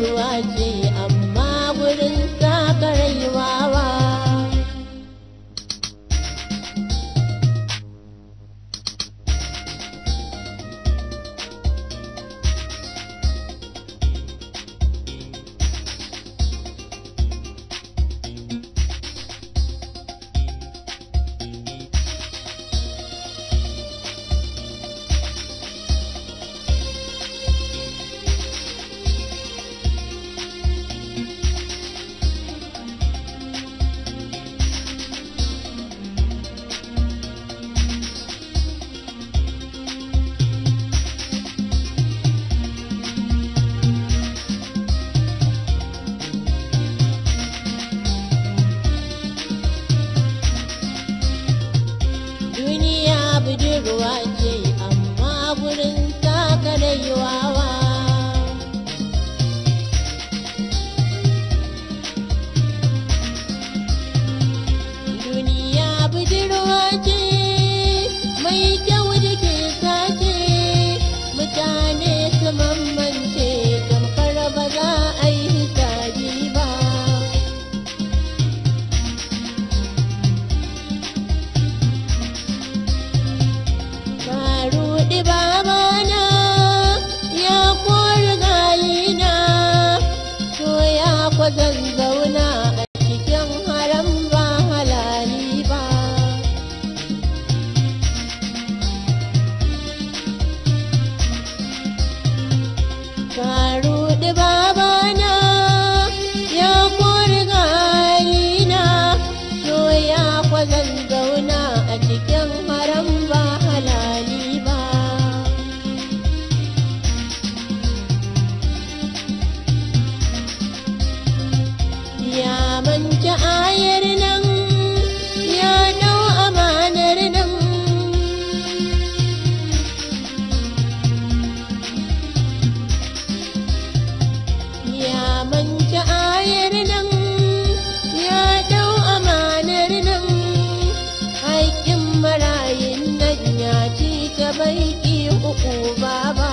Shivaji বাবা uku baba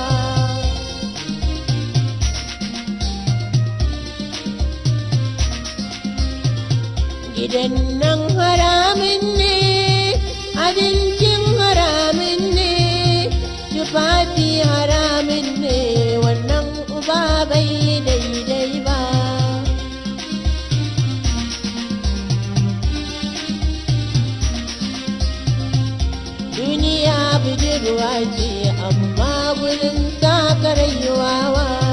gidan nan haramin ne abincin haramin ne tufafi haramin ne wannan uba bai daidai ba duniya budurwa ce hannun ka you wa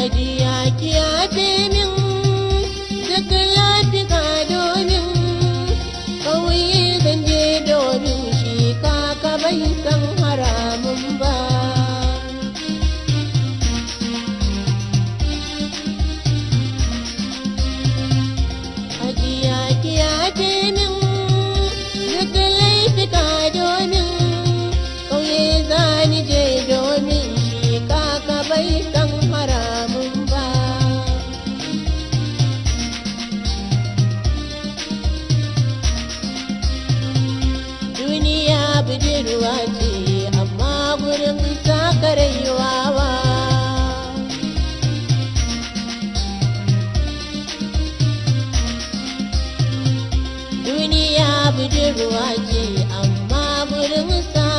Hari budurwa ce amma gurin takarewa ba duniya budurwa ce amma gurin sa